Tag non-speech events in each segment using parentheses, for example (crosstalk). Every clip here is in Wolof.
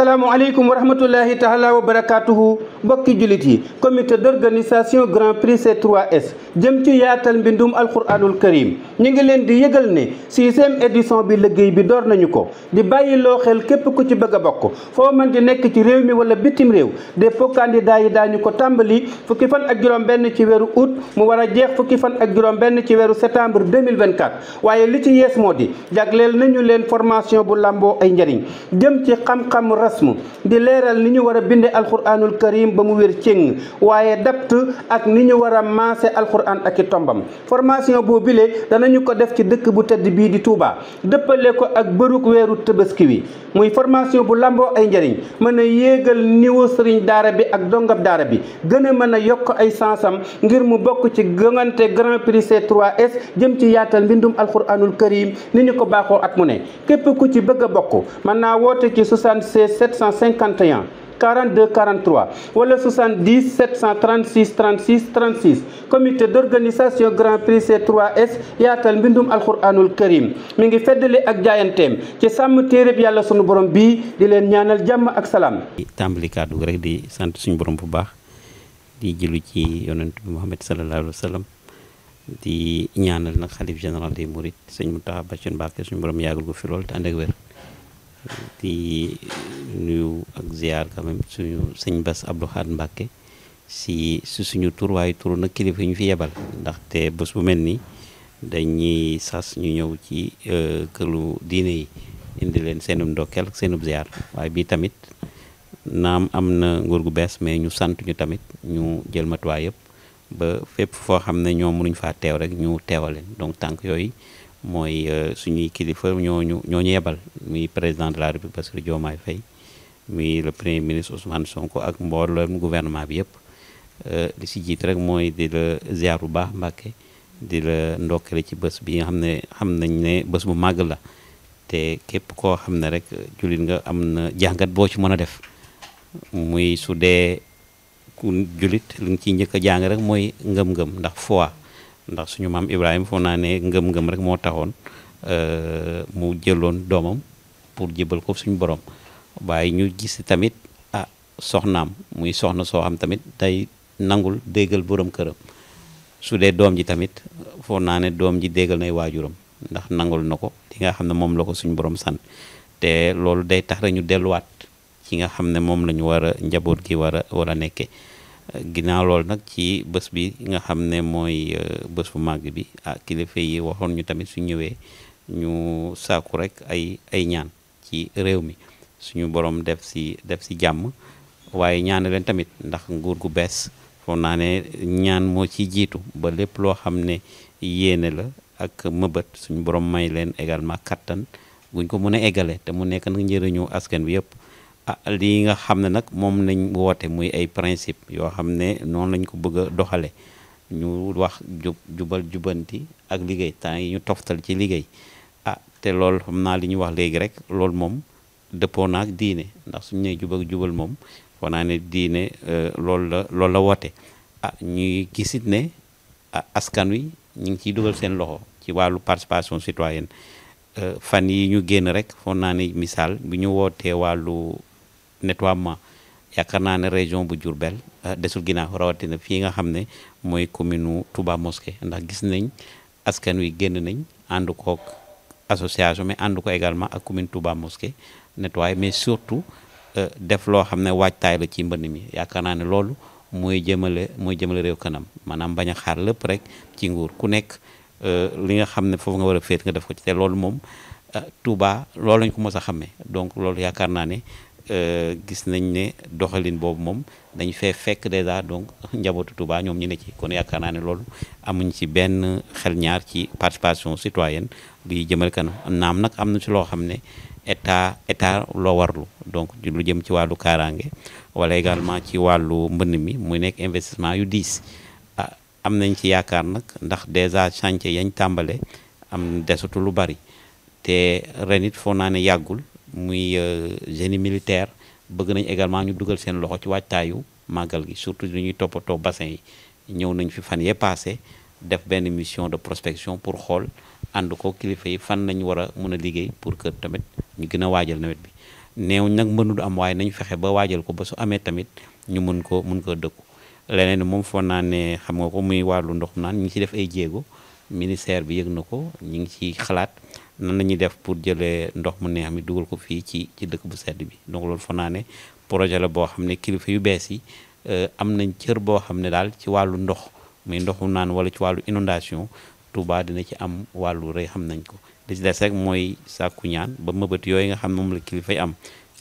asalaamaaleykum wa rahmatullahi taala wa barakaatuhu mbokki jullit yi comité d' organisation grand prix C3S jëm ci yaatal mbindum alquranul karim ñu ngi leen di yëgal ne sixième édition bi liggéey bi door nañu ko di bàyyi loo xel képp ku ci bëgg a bokk foo mën di nekk ci réew mi wala bitim réew dépôt candidat yi daañu ko tàmbali fukki fan ak juróom benn ci weeru août mu war a jeex fukki fan ak juróom benn ci weeru septembre 2024 waaye li ci yees moo di jagleel nañu leen formation bu làmboo ay njariñ jëm ci xam-xam rasmu di leeral ni ñu war a binde alquranul karim ba mu wér cëng waaye alquran ak i tombam formation boo bilee danañu ko def ci dëkk bu tedd bii di Touba dëppale ko ak bëruk weeru tëbaski wi muy formation bu lamboo ay njëriñ mën a yéegal niveau sëriñ daara bi ak dongab daara bi gën a mën a yokk ay sansam ngir mu bokk ci gëngante grand prix C3S jëm ci yaatal mbindum alquranul karim ni ñu ko baaxoo ak mu ne képp ku ci bëgg a bokk mën naa woote ci 76 751 42 43 wala 70 736 36 36 comité d'organisation grand prix C3S yaatal mbindum alxuraanul karim mi ngi feddali ak jaayanteem ci sàmm téereb yàlla sunu borom bi di leen ñaanal jàmm ak salaam. tàmbali kàddu gi rek di sant suñu borom bu baax di jëlu ci yonent bi Muhammad sallallahu alayhi wa sallam di ñaanal nag xalif général des Mourides sëñ Mountakha Bachir Mbacké suñu borom yàggal ko fi lool te ànd ak wér. di nuyu ak ziar quand même suñu sëñ Bass Abdou Khad si su suñu tur waaye turu nag kilifa yi ñu fi yebal ndaxte bés bu mel nii dañuy sas ñu ñëw ci euh, këlu diine yi indi leen seenum ndokkeel ak seenum waaye bii tamit naam am na nguur gu bees mais ñu santuñu tamit ñu jël matuwaay yëpp ba fépp foo xam ne ñoom mënuñ faa teew rek ñu teewaleen donc tànk yooyu. mooy euh, suñuy kilifa ñooñu ñooñu yebal muy président de la république Bassirou Diomaye Faye muy le premier ministre Ousmane Sonko ak mboolem gouvernement bi yëpp euh, li si jiit rek mooy di la ziar bu baax Mbàkke di la ndokkale ci bës bi nga xam ne xam nañ ne bës bu màgg la te képp koo xam ne rek jullit nga am na jàngat boo ci mën a def muy sudee ku julit li nga ciy njëkk a jàng rek mooy ngëm-ngëm ndax fois ndax suñu maam Ibrahima foog naa nee ngëm-ngëm rek moo taxoon euh, mu jëloon doomam pour jébal ko suñu borom waaye ñu gis tamit a ah, soxnaam muy soxna soo xam tamit day nangul déggal borom këram su dee doom ji tamit foog naa ne doom ji déggal nay waajuram ndax nangul na ko li nga xam ne moom la ko suñu borom sant te loolu day tax rek ñu delluwaat ci nga xam ne moom la ñu war a njaboot gi war a war a nekkee. ginnaaw loolu nag ci bës bi nga xam ne mooy euh, bés bu màgg bi ah kilifa yi waxoon ñu tamit su ñëwee ñu saaku rek ay ay ñaan ci réew mi suñu borom def si def si jàmm waaye ñaan leen tamit ndax nguur gu bees foog naa ne ñaan moo ci jiitu ba lépp loo xam ne yéene la ak mëbët suñu borom may leen également kattan guñ ko mun a eggale te mu nekk nag njëriñu askan bi yëpp Ah, lii nga xam ne nag moom lañ woote muy ay principe yoo xam ne noonu lañ ko bëgg a doxale ñu wax jub jubal jubanti ak liggéey temps yi ñu toftal ci liggéey ah te lool xam naa li ñu wax léegi rek loolu moom dëppoo na ak diine ndax suñu nee jub jubal moom wax naa ne diine euh, lool la loolu la woote ah ñuy gisit ne ah, askan wi ñu ngi ciy dugal seen loxo ci wàllu participation citoyenne euh, fan yi ñu génn rek foog naa ne misaal bi ñu wootee wàllu nettoiement yaakaar naa ne région bu jur Diourbel ah, desul ginnaaw rawatina fii nga xam ne mooy commune u Touba Mosquée ndax gis nañ askan wi génn nañ ànd kook mais ànd également ak commune Touba Mosquée nettoyer mais surtout euh, def loo xam ne waajtaay la ci mbënn mi yaakaar naa ne loolu mooy jëmale mooy jëmale réew kanam maanaam bañ a xaar lépp rek ci nguur ku nekk euh, li nga xam ne foofu nga war a féet nga def ko ci te loolu moom euh, Touba loolu lañ ko mos a xamee donc loolu yaakaar naa ne Euh, gis nañ ne doxalin boobu moom dañ fee fekk dèjà donc (laughs) njabootu Touba ñoom ñu ne ci kon yaakaar naa ne loolu amuñ ci benn xel ñaar ci participation citoyenne luy jëmal kanam naam nag am na ci loo xam ne état état loo warlu donc lu jëm ci wàllu kaaraange wala également ci wàllu mbënn mi muy nekk investissement yu diis ah am nañ ci yaakaar nag ndax dèjà chantier yañ tàmbale am desatu lu bari te ren it foo naa ne yàggul. muy euh, génie militaire bëgg nañ également ñu dugal seen loxo ci waajtaayu màggal gi surtout li ñuy toppatoo bassin yi ñëw nañ fi fan yee passé def benn mission de prospection pour xool ànd ko kilifa yi fan lañ war a mën a liggéey pour que tamit ñu gën a waajal nawet bi néew nag mënul am waaye nañ fexe ba waajal ko ba su amee tamit ñu mun ko mun ko dëkku leneen moom foog naa ne xam nga ko muy wàllu ndox naan ñi ci def ay jéego ministère bi yëg na ko ñu ngi ci xalaat nan la ñuy def pour jëlee ndox mu neex mi dugal ko fii ci ci dëkk bu sedd bi donc loolu foog ne projet la boo xam ne kilifa yu bees yi euh, am nañ cër boo xam ne daal ci wàllu ndox muy ndoxu naan wala ci wàllu inondation tubaa dina ci am wàllu rey xam nañ ko li ci des rek mooy sàkku ñaan ba mëbët yooyu nga xam ne moom la kilifa yi am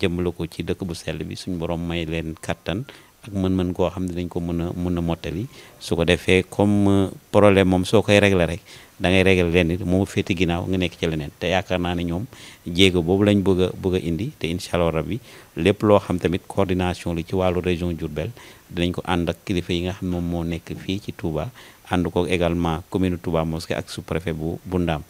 jëmale ko ci dëkk bu sell bi suñu borom may leen kàttan ak mën-mën koo xam ne dañ ko mën a mën a mottali su ko defee comme euh, problème moom soo koy régler rek da ngay régler leen moo féete ginaaw nga nekk ci leneen te yaakaar naa ne ñoom jéego boobu lañ bëgg bëgg indi te incha allah rabbi lépp loo xam tamit coordination li ci wàllu région Diourbel dinañ ko ànd ak kilifa yi nga xam moom moo nekk fii ci Touba ànd kook également commune Touba Mosquée ak sous-préfet bu bu Ndam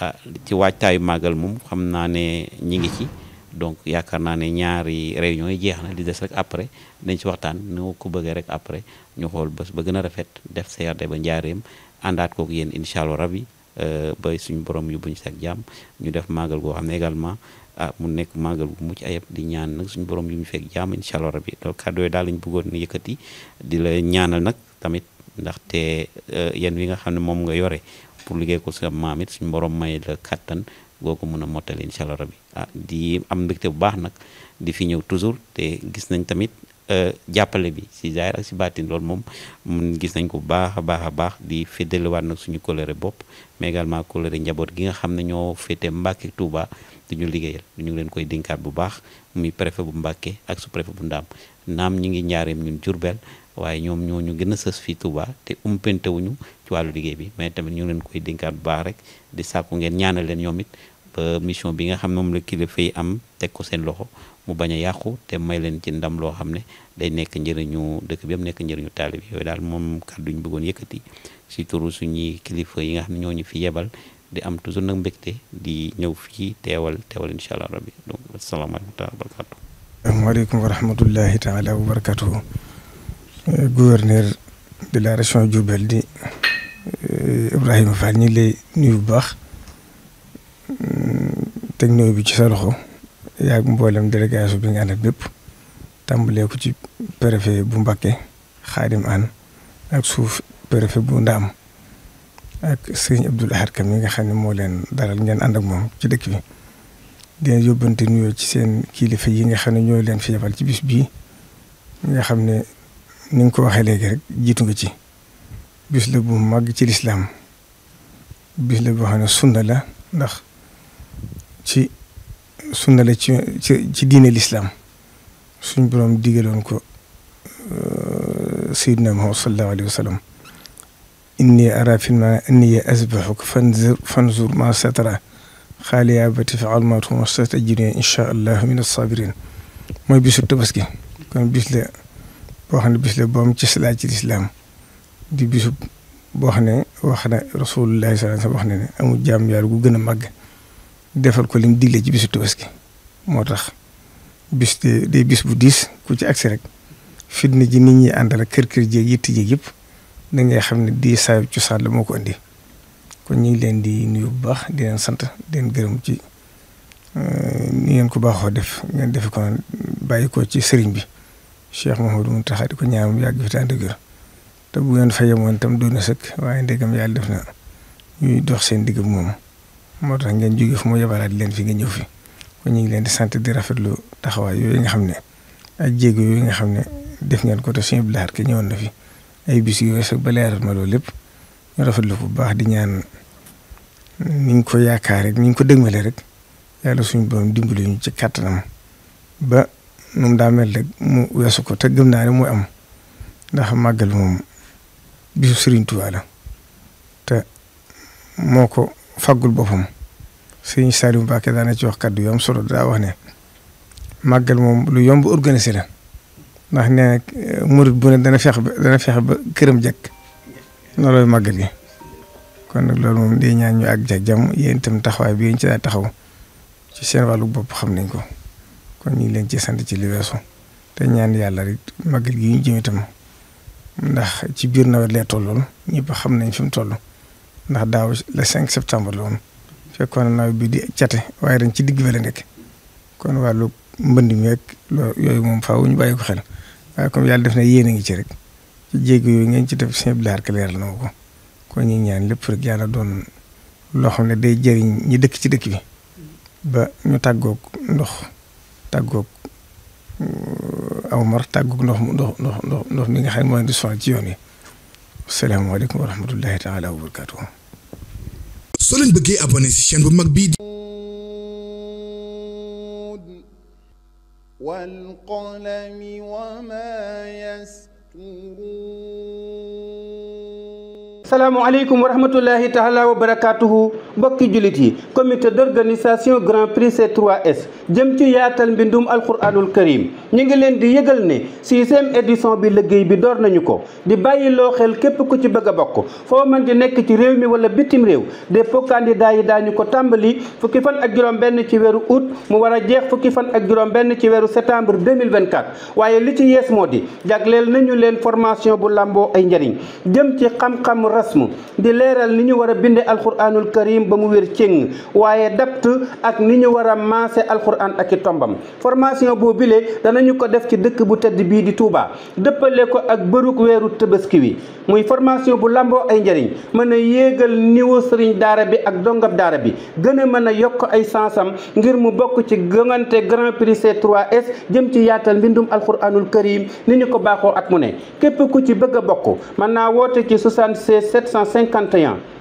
ah, ci waajtaayu màggal moom xam naa ne ñi ngi ci. donc yaakaar naa ne ñaari réunion yi jeex na li des rek après dañ si waxtaan nu ko bëggee rek après ñu xool bés ba gën a rafet def CRD ba njaareem àndaat kook yéen incha allah rabi euh, ba suñu borom yu buñu seeg jàmm ñu def màggal goo xam ne également ah mu nekk màggal gu mucc ayib di ñaan nag suñu borom yu ñu fekk jàmm incha allah rabi donc kàddu yooyu daal lañ bëggoon yëkkati di la ñaanal nag tamit ndaxte euh, yéen wi nga xam ne moom nga yore pour liggéey ko sa maam it suñu borom may la kàttan goo ko mën a mottali incha allah rabi ah di am mbégte bu baax nag di fi ñëw toujours te gis nañ tamit euh, jàppale bi si zaahir ak si baatin loolu moom mun gis nañ ko bu baax a baax a baax di féddaliwaat nag suñu coloré bopp mégalement également coloré njaboot gi nga xam ne ñoo féete Mbàkke Touba du ñu liggéeyal du leen koy dinkaat bu baax muy préfet bu Mbàkke ak su préfet bu Ndaam naam ñu ngi ñaareem ñun waaye ñoom ñoo ñu gën a sës fii Touba te umpente wuñu ci wàllu liggéey bi mais tamit ñu ngi leen koy dénkaat bu baax rek di sàkku ngeen ñaanal leen ñoom it ba mission bi nga xam ne moom la kilifa yi am teg ko seen loxo mu bañ a yàqu te may leen ci ndam loo xam ne day nekk njëriñu dëkk bi am nekk njëriñu taalib yooyu daal moom kàddu ñu bëggoon yëkkati si turu suñuy kilifa yi nga xam ne ñoo ñu fi yebal di am toujours nag mbégte di ñëw fii teewal teewal incha allah rabbi donc asalaamaaleykum taala wa barakatu. waaleykum wa rahmatullahi taala gouverneur de la région Diourbel di euh, Ibrahima Fall ñu lay nuyu bu baax mm, teg bi ci sa loxo yaag mboolem délégation bi nga àndal bépp tàmbalee ci préfet bu Mbacké Xaadim An ak suuf préfet bu Ndaam ak sëñ Abdoul Ahad Kam nga xam ne moo leen dalal ngeen ànd ak moom ci dëkk bi dina yóbbante nuyoo ci seen kiilifa yi nga xam ne ñoo leen fi yebal ci bis bi nga xam ne ni nga ko waxee léegi rek jiitu nga ci bis la bu màgg ci lislaam bis la boo xam ne sunna la ndax ci sunna la ci ci diine lislaam suñ boroom digaloon ko euh, sayyidina Muhammad sallallahu alayhi wa sallam inni ara fi ma anni azbahuka fanzur fanzur ma satara xaali yaa bati faal ma tuuma satajiduni incha allah min as-sabirin bisu tabaski kon bis la boo xam ne bis la boo ci laa ci lislaam di bisub boo xam ne wax na rasulullahi sallallahu alayhi wasallam wax na ne amul jaam yàlla gu gën a màgg defal ko li lim digle ci bisu tabaski moo tax bis de day bis bu diis ku ci agsi rek fitna ji nit ñi àndal kër kër jéeg yitti jéeg yëpp na ngay xam ne di saayu cosaan la moo ko indi kon ñu ngi leen di nuyu bu baax di sant di leen gërëm ci euh, ni ngeen ko baaxoo def ngeen defe ko bàyyi ko ci sëriñ bi Cheikh Mouhamadou Mountakha di ko ñaan mu yàgg fi te ànd ak te bu ngeen fa yemoon tam doon na sëkk waaye ndegam yàlla def na ñuy dox seen digg moom moo tax ngeen jóge fu mu yabalaat leen fi nga ñëw fi kon ñu ngi leen di sant di rafetlu taxawaay yooyu nga xam ne ak jéego yooyu nga xam ne def ngeen ko te suñu bilaar ke ñëwoon na fi ay bis yu ba leeral ma loolu lépp ñu rafetlu ko bu baax di ñaan ni ñu ko yaakaar rek ni ñu ko dëgmale rek yàlla suñu borom dimbali ñu ci kattanam ba. nu mu daa mel rek mu weesu ko te gëm naa ne mooy am ndax màggal moom bisu Serigne Touba la te moo ko faggul boppam Serigne Saliou Mbacké daa na ci wax kaddu yu solo daa wax ne màggal moom lu yomb organisé la ndax nee na eh, murit bu ne dana ba dana fex ba këram jekk kon nag loolu moom day ñaan ñu ak jag jàmm yéen itam taxawaay bi yéen ci daa taxaw ci seen bopp xam nañ ko. kon ñu ngi leen ci sant ci li weesu te ñaan yàlla rek magal gi ñu jëm itam ndax ci biir nawet lay tolloon ñëpp xam nañ fi mu toll ndax daaw le 5 septembre la woon fekkoon nawet bi di cate waaye dañ ci digg ba la kon wàllu mbënd mi rek yooyu moom faaw ñu bàyyi ko xel waaye comme yàlla def na yéen a ngi ci rek ci jéeg yooyu ngeen ci def seen bilaar ka leer na ko kon ñu ñaan lépp rek yàlla doon loo xam ne day jëriñ ñi dëkk ci dëkk bi ba ñu tàggook ndox. tàggoog euh, aw mar tàggoog ndox mu ndox nga xam ne di soxla ci yoon yi salaamaaleykum wa rahmatullahi taala wa barakaatuhu. soo di. wal qalami wa salaamaaleykum wa rahmatullahi taala wa barakaatuhu mbokki jullit yi comité d' organisation grand prix C3S jëm ci yaatal mbindum alquranul karim ñu ngi leen di yëgal ne sixième édition bi liggéey bi door nañu ko di bàyyi loo xel képp ku ci bëgg a bokk foo mën di nekk ci réew mi wala bitim réew dépôt candidat yi daañu ko tàmbali fukki fan ak juróom benn ci weeru août mu war a jeex fukki fan ak juróom benn ci weeru septembre 2024 waaye li ci yees moo di jagleel nañu leen formation bu làmboo ay njariñ jëm ci xam-xam rasmu di leeral ni ñu war a binde alxuraanul karim ba mu wér cëng waaye dapt ak ni ñu war a maase alxuraan ak tombam nañu ko def ci dëkk bu tedd bii di Touba dëppale ko ak bërug weeru tëbaski wi muy formation bu lamboo ay njëriñ mën a yéegal niveau sëriñ daara bi ak dongab daara bi gën a mën a yokk ay sansam ngir mu bokk ci gëngante grand prix C3S jëm ci yaatal mbindum alxuraanul karim ni ñu ko baaxoo ak mu ne képp ku ci bëgg a bokk mën naa woote ci cinquante 751